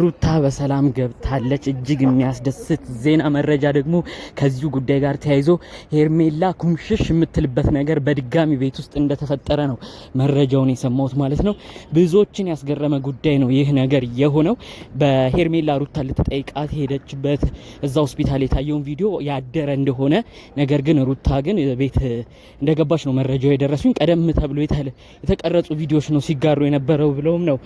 ሩታ በሰላም ገብታለች። እጅግ የሚያስደስት ዜና መረጃ ደግሞ ከዚሁ ጉዳይ ጋር ተያይዞ ሄርሜላ ኩምሽሽ የምትልበት ነገር በድጋሚ ቤት ውስጥ እንደተፈጠረ ነው መረጃውን የሰማሁት ማለት ነው። ብዙዎችን ያስገረመ ጉዳይ ነው ይህ ነገር የሆነው። በሄርሜላ ሩታ ልትጠይቃት ሄደችበት እዛ ሆስፒታል የታየውን ቪዲዮ ያደረ እንደሆነ ነገር ግን ሩታ ግን ቤት እንደገባች ነው መረጃው የደረሱኝ። ቀደም ተብሎ የተቀረጹ ቪዲዮዎች ነው ሲጋሩ የነበረው ብለውም ነው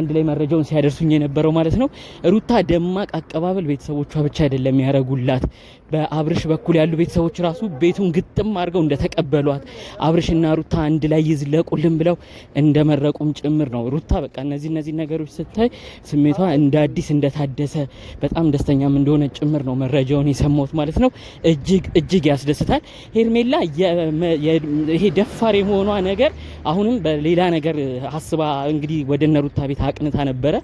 አንድ ላይ መረጃውን ሲያደርሱኝ የነበረው ማለት ማለት ነው። ሩታ ደማቅ አቀባበል ቤተሰቦቿ ብቻ አይደለም ያደረጉላት፣ በአብርሽ በኩል ያሉ ቤተሰቦች ራሱ ቤቱን ግጥም አድርገው እንደተቀበሏት አብርሽና ሩታ አንድ ላይ ይዝለቁልን ብለው እንደመረቁም ጭምር ነው። ሩታ በቃ እነዚህ እነዚህ ነገሮች ስታይ ስሜቷ እንደ አዲስ እንደታደሰ በጣም ደስተኛም እንደሆነ ጭምር ነው መረጃውን የሰማሁት ማለት ነው። እጅግ እጅግ ያስደስታል። ሄርሜላ ይሄ ደፋር የሆኗ ነገር አሁንም በሌላ ነገር አስባ እንግዲህ ወደ እነ ሩታ ቤት አቅንታ ነበረ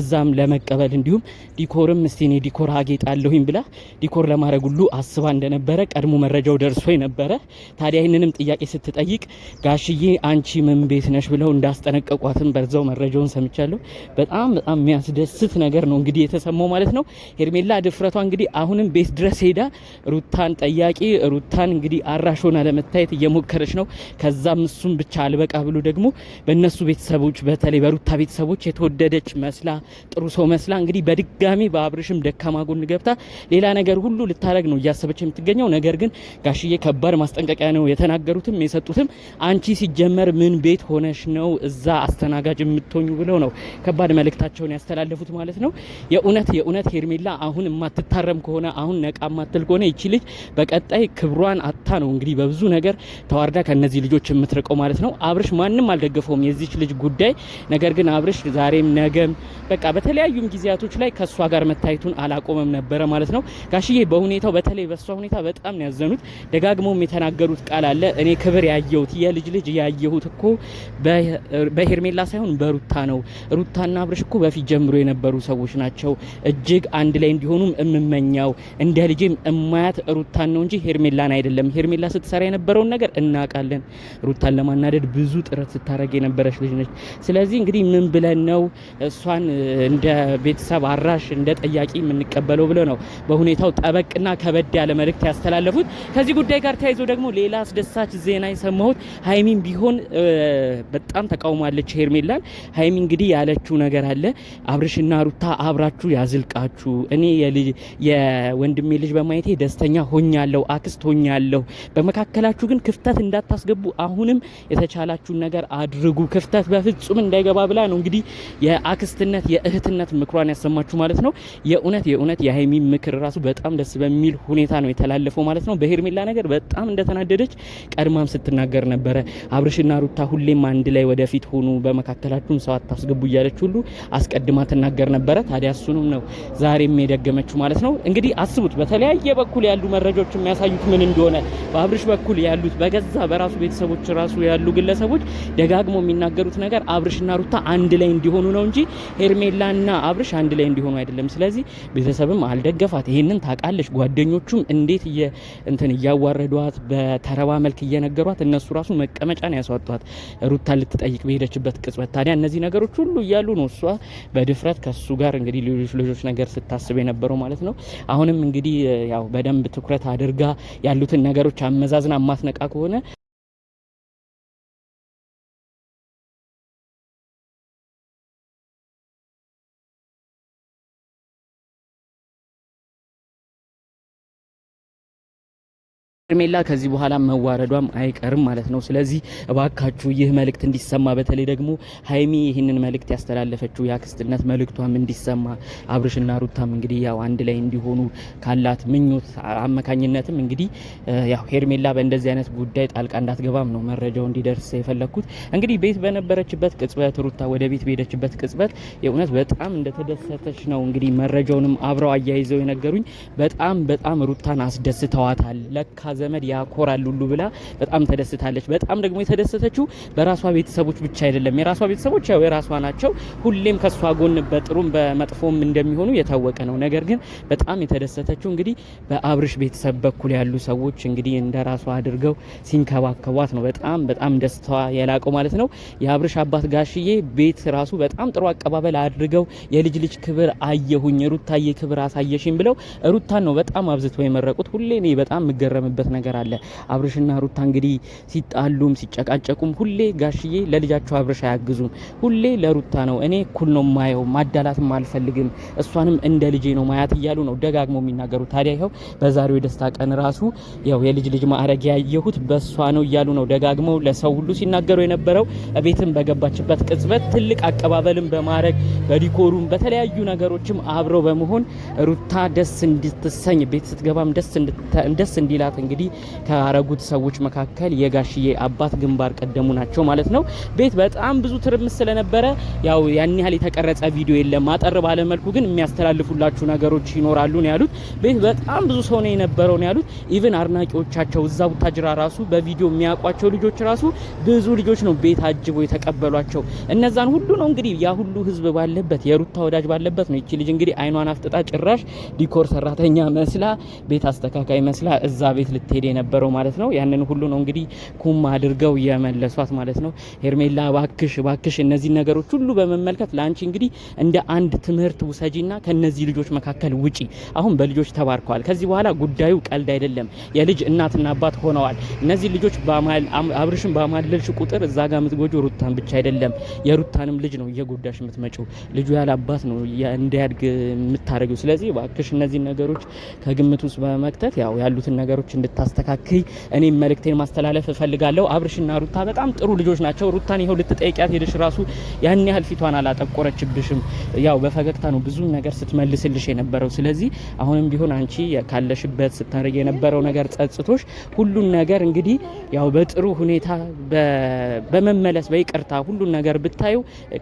እዛም ለመቀበል እንዲሁም ዲኮርም እስቲ እኔ ዲኮር አጌጣለሁኝ ብላ ዲኮር ለማድረግ ሁሉ አስባ እንደነበረ ቀድሞ መረጃው ደርሶ ነበረ። ታዲያ ይህንንም ጥያቄ ስትጠይቅ ጋሽዬ አንቺ ምን ቤት ነሽ ብለው እንዳስጠነቀቋትም በዛው መረጃውን ሰምቻለሁ። በጣም በጣም የሚያስደስት ነገር ነው እንግዲህ የተሰማው ማለት ነው። ሄርሜላ ድፍረቷ እንግዲህ አሁንም ቤት ድረስ ሄዳ ሩታን ጠያቂ ሩታን እንግዲህ አራሽ ሆና ለመታየት እየሞከረች ነው። ከዛም እሱም ብቻ አልበቃ ብሎ ደግሞ በእነሱ ቤተሰቦች በተለይ በሩታ ቤተሰቦች የተወደደች መስላ ጥሩ ሰው መስላ እንግዲህ በድጋሚ በአብርሽም ደካማ ጎን ገብታ ሌላ ነገር ሁሉ ልታደረግ ነው እያሰበች የምትገኘው። ነገር ግን ጋሽዬ ከባድ ማስጠንቀቂያ ነው የተናገሩትም የሰጡትም። አንቺ ሲጀመር ምን ቤት ሆነሽ ነው እዛ አስተናጋጅ የምትሆኙ ብለው ነው ከባድ መልእክታቸውን ያስተላለፉት ማለት ነው። የእውነት የእውነት ሄርሜላ አሁን የማትታረም ከሆነ አሁን ነቃ ማትል ከሆነ ይቺ ልጅ በቀጣይ ክብሯን አታ ነው እንግዲህ በብዙ ነገር ተዋርዳ ከነዚህ ልጆች የምትርቀው ማለት ነው። አብርሽ ማንም አልደገፈውም የዚች ልጅ ጉዳይ። ነገር ግን አብርሽ ዛሬም ነገም በቃ በተለያዩ በተለያዩም ጊዜያቶች ላይ ከእሷ ጋር መታየቱን አላቆመም ነበረ ማለት ነው። ጋሽዬ በሁኔታው በተለይ በእሷ ሁኔታ በጣም ነው ያዘኑት። ደጋግመውም የተናገሩት ቃል አለ። እኔ ክብር ያየሁት የልጅ ልጅ ያየሁት እኮ በሄርሜላ ሳይሆን በሩታ ነው። ሩታና አብርሽ እኮ በፊት ጀምሮ የነበሩ ሰዎች ናቸው። እጅግ አንድ ላይ እንዲሆኑም እምመኛው እንደ ልጄም እማያት ሩታን ነው እንጂ ሄርሜላን አይደለም። ሄርሜላ ስትሰራ የነበረውን ነገር እናውቃለን። ሩታን ለማናደድ ብዙ ጥረት ስታደረግ የነበረች ልጅ ነች። ስለዚህ እንግዲህ ምን ብለን ነው እሷን እንደ ቤተሰብ አራሽ እንደ ጠያቂ የምንቀበለው ብለው ነው በሁኔታው ጠበቅና ከበድ ያለ መልእክት ያስተላለፉት። ከዚህ ጉዳይ ጋር ተያይዞ ደግሞ ሌላ አስደሳች ዜና የሰማሁት ሀይሚን ቢሆን በጣም ተቃውማለች ሄርሜላን። ሀይሚ እንግዲህ ያለችው ነገር አለ። አብርሽና ሩታ አብራችሁ ያዝልቃችሁ። እኔ የወንድሜ ልጅ በማየቴ ደስተኛ ሆኛለሁ፣ አክስት ሆኛለሁ። በመካከላችሁ ግን ክፍተት እንዳታስገቡ፣ አሁንም የተቻላችሁን ነገር አድርጉ፣ ክፍተት በፍጹም እንዳይገባ ብላ ነው እንግዲህ የአክስትነት የእህትነት በእውነት ምክሯን ያሰማችሁ ማለት ነው። የእውነት የእውነት የሀይሚ ምክር ራሱ በጣም ደስ በሚል ሁኔታ ነው የተላለፈው ማለት ነው። በሄርሜላ ነገር በጣም እንደተናደደች ቀድማም ስትናገር ነበረ። አብርሽና ሩታ ሁሌም አንድ ላይ ወደፊት ሆኑ፣ በመካከላችሁም ሰው አታስገቡ እያለች ሁሉ አስቀድማ ትናገር ነበረ። ታዲያ እሱንም ነው ዛሬም የደገመችው ማለት ነው። እንግዲህ አስቡት፣ በተለያየ በኩል ያሉ መረጃዎች የሚያሳዩት ምን እንደሆነ በአብርሽ በኩል ያሉት በገዛ በራሱ ቤተሰቦች ራሱ ያሉ ግለሰቦች ደጋግሞ የሚናገሩት ነገር አብርሽና ሩታ አንድ ላይ እንዲሆኑ ነው እንጂ ሄርሜላና አብርሽ አንድ ላይ እንዲሆኑ አይደለም። ስለዚህ ቤተሰብም አልደገፋት። ይህንን ታውቃለች። ጓደኞቹም እንዴት እንትን እያዋረዷት በተረባ መልክ እየነገሯት እነሱ ራሱ መቀመጫ ነው ያስዋጧት ሩታ ልትጠይቅ በሄደችበት ቅጽበት። ታዲያ እነዚህ ነገሮች ሁሉ እያሉ ነው እሷ በድፍረት ከሱ ጋር እንግዲህ ሌሎች ልጆች ነገር ስታስብ የነበረው ማለት ነው። አሁንም እንግዲህ ያው በደንብ ትኩረት አድርጋ ያሉትን ነገሮች አመዛዝና ማትነቃ ከሆነ ሄርሜላ ከዚህ በኋላ መዋረዷም አይቀርም ማለት ነው። ስለዚህ እባካችሁ ይህ መልእክት እንዲሰማ በተለይ ደግሞ ሀይሚ ይህንን መልእክት ያስተላለፈችው የአክስትነት መልእክቷም እንዲሰማ አብርሽና ሩታም እንግዲህ ያው አንድ ላይ እንዲሆኑ ካላት ምኞት አማካኝነትም እንግዲህ ያው ሄርሜላ በእንደዚህ አይነት ጉዳይ ጣልቃ እንዳትገባም ነው መረጃው እንዲደርስ የፈለግኩት። እንግዲህ ቤት በነበረችበት ቅጽበት ሩታ ወደ ቤት በሄደችበት ቅጽበት የእውነት በጣም እንደተደሰተች ነው እንግዲህ መረጃውንም አብረው አያይዘው የነገሩኝ። በጣም በጣም ሩታን አስደስተዋታል ለካ ዘመድ ያኮራል ሁሉ ብላ በጣም ተደስታለች። በጣም ደግሞ የተደሰተችው በራሷ ቤተሰቦች ብቻ አይደለም። የራሷ ቤተሰቦች ያው የራሷ ናቸው፣ ሁሌም ከሷ ጎን በጥሩም በመጥፎም እንደሚሆኑ የታወቀ ነው። ነገር ግን በጣም የተደሰተችው እንግዲህ በአብርሽ ቤተሰብ በኩል ያሉ ሰዎች እንግዲህ እንደ ራሷ አድርገው ሲንከባከቧት ነው። በጣም በጣም ደስታዋ የላቀው ማለት ነው። የአብርሽ አባት ጋሽዬ ቤት ራሱ በጣም ጥሩ አቀባበል አድርገው የልጅ ልጅ ክብር አየሁኝ ሩታዬ ክብር አሳየሽኝ ብለው ሩታን ነው በጣም አብዝተው የመረቁት። ሁሌ እኔ በጣም የምገረምበት የሚያደርጉበት ነገር አለ። አብርሽና ሩታ እንግዲህ ሲጣሉም ሲጨቃጨቁም ሁሌ ጋሽዬ ለልጃቸው አብርሽ አያግዙም። ሁሌ ለሩታ ነው። እኔ እኩል ነው ማየው፣ ማዳላትም አልፈልግም፣ እሷንም እንደ ልጄ ነው ማያት እያሉ ነው ደጋግሞ የሚናገሩ። ታዲያ ይኸው በዛሬው የደስታ ቀን ራሱ ያው የልጅ ልጅ ማዕረግ ያየሁት በእሷ ነው እያሉ ነው ደጋግመው ለሰው ሁሉ ሲናገሩ የነበረው። ቤትም በገባችበት ቅጽበት ትልቅ አቀባበልም በማድረግ በዲኮሩም በተለያዩ ነገሮችም አብረው በመሆን ሩታ ደስ እንድትሰኝ ቤት ስትገባም ደስ እንዲላት እንግዲህ እንግዲህ ካረጉት ሰዎች መካከል የጋሽዬ አባት ግንባር ቀደሙ ናቸው ማለት ነው። ቤት በጣም ብዙ ትርምስ ስለነበረ ያው ያን ያህል የተቀረጸ ቪዲዮ የለም። አጠር ባለ መልኩ ግን የሚያስተላልፉላችሁ ነገሮች ይኖራሉ ነው ያሉት። ቤት በጣም ብዙ ሰው ነው የነበረው ነው ያሉት። ኢቭን አድናቂዎቻቸው እዛ ቡታጅራ ራሱ በቪዲዮ የሚያውቋቸው ልጆች ራሱ ብዙ ልጆች ነው ቤት አጅቦ የተቀበሏቸው። እነዛን ሁሉ ነው እንግዲህ ያ ሁሉ ህዝብ ባለበት የሩታ ወዳጅ ባለበት ነው ይቺ ልጅ እንግዲህ አይኗን አፍጥጣ ጭራሽ ዲኮር ሰራተኛ መስላ ቤት አስተካካይ መስላ እዛ ቤት ስትሄድ የነበረው ማለት ነው። ያንን ሁሉ ነው እንግዲህ ኩም አድርገው የመለሷት ማለት ነው። ሄርሜላ ባክሽ ባክሽ እነዚህ ነገሮች ሁሉ በመመልከት ለአንቺ እንግዲህ እንደ አንድ ትምህርት ውሰጂና ከነዚህ ልጆች መካከል ውጪ። አሁን በልጆች ተባርከዋል። ከዚህ በኋላ ጉዳዩ ቀልድ አይደለም። የልጅ እናትና አባት ሆነዋል እነዚህ ልጆች። አብርሽን ባማለልሽ ቁጥር እዛ ጋር የምትጎጂው ሩታን ብቻ አይደለም፣ የሩታንም ልጅ ነው እየጎዳሽ የምትመጪው። ልጁ ያለ አባት ነው እንዲያድግ የምታደርጊው። ስለዚህ ባክሽ እነዚህ ነገሮች ከግምት ውስጥ በመክተት ያው ያሉትን ነገሮች እንድት እንድታስተካክይ እኔም መልእክቴን ማስተላለፍ እፈልጋለሁ። አብርሽና ሩታ በጣም ጥሩ ልጆች ናቸው። ሩታን ይኸው ልትጠይቂያት ሄደሽ ራሱ ያን ያህል ፊቷን አላጠቆረችብሽም። ያው በፈገግታ ነው ብዙ ነገር ስትመልስልሽ የነበረው። ስለዚህ አሁንም ቢሆን አንቺ ካለሽበት ስታደርግ የነበረው ነገር ጸጽቶሽ ሁሉን ነገር እንግዲህ ያው በጥሩ ሁኔታ በመመለስ በይቅርታ ሁሉን ነገር ብታዩ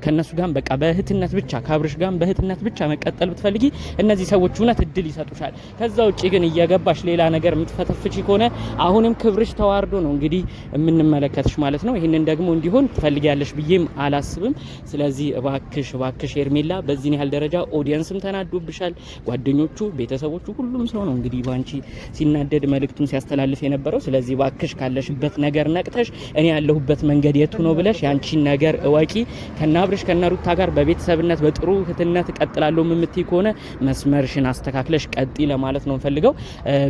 ከነሱ ጋር በቃ በእህትነት ብቻ ከአብርሽ ጋር በእህትነት ብቻ መቀጠል ብትፈልጊ እነዚህ ሰዎች እውነት እድል ይሰጡሻል። ከዛ ውጭ ግን እየገባሽ ሌላ ነገር የምትፈተፍች እንደዚህ ከሆነ አሁንም ክብርሽ ተዋርዶ ነው እንግዲህ የምንመለከትሽ ማለት ነው። ይህንን ደግሞ እንዲሆን ትፈልጊያለሽ ብዬም አላስብም። ስለዚህ እባክሽ እባክሽ ሄርሜላ በዚህን ያህል ደረጃ ኦዲየንስም ተናዶብሻል። ጓደኞቹ፣ ቤተሰቦቹ፣ ሁሉም ሰው ነው እንግዲህ ባንቺ ሲናደድ መልእክቱን ሲያስተላልፍ የነበረው። ስለዚህ እባክሽ ካለሽበት ነገር ነቅተሽ እኔ ያለሁበት መንገድ የቱ ነው ብለሽ ያንቺን ነገር እወቂ። ከናብርሽ ከነሩታ ጋር በቤተሰብነት በጥሩ እህትነት እቀጥላለሁ የምትይ ከሆነ መስመርሽን አስተካክለሽ ቀጢ ለማለት ነው ፈልገው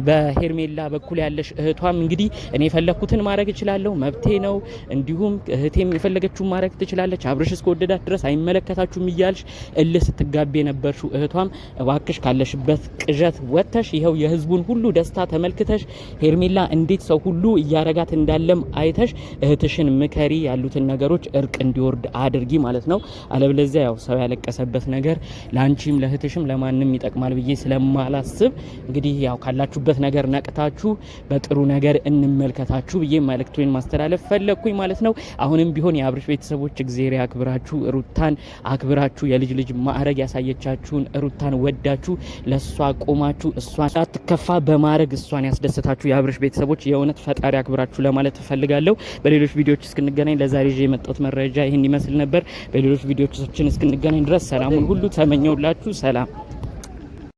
በሄርሜላ በኩል ያለሽ እህቷም እንግዲህ እኔ የፈለግኩትን ማድረግ እችላለሁ፣ መብቴ ነው። እንዲሁም እህቴም የፈለገችውን ማድረግ ትችላለች፣ አብርሽ እስከወደዳት ድረስ አይመለከታችሁም እያልሽ እልህ ስትጋቢ የነበርሽው እህቷም እባክሽ ካለሽበት ቅዠት ወጥተሽ ይኸው የህዝቡን ሁሉ ደስታ ተመልክተሽ ሄርሜላ እንዴት ሰው ሁሉ እያረጋት እንዳለም አይተሽ እህትሽን ምከሪ፣ ያሉትን ነገሮች እርቅ እንዲወርድ አድርጊ ማለት ነው። አለብለዚያ ያው ሰው ያለቀሰበት ነገር ለአንቺም ለእህትሽም ለማንም ይጠቅማል ብዬ ስለማላስብ እንግዲህ ያው ካላችሁበት ነገር ነቅታችሁ በጥሩ ነገር እንመልከታችሁ ብዬ መልእክቱን ማስተላለፍ ፈለግኩኝ ማለት ነው። አሁንም ቢሆን የአብርሽ ቤተሰቦች እግዜር ያክብራችሁ፣ ሩታን አክብራችሁ የልጅ ልጅ ማዕረግ ያሳየቻችሁን ሩታን ወዳችሁ ለእሷ ቆማችሁ እሷን ሳትከፋ በማድረግ እሷን ያስደሰታችሁ የአብርሽ ቤተሰቦች የእውነት ፈጣሪ አክብራችሁ ለማለት እፈልጋለሁ። በሌሎች ቪዲዮዎች እስክንገናኝ ለዛሬ ይዤ የመጣሁት መረጃ ይህን ይመስል ነበር። በሌሎች ቪዲዮዎችን እስክንገናኝ ድረስ ሰላሙን ሁሉ ተመኘውላችሁ። ሰላም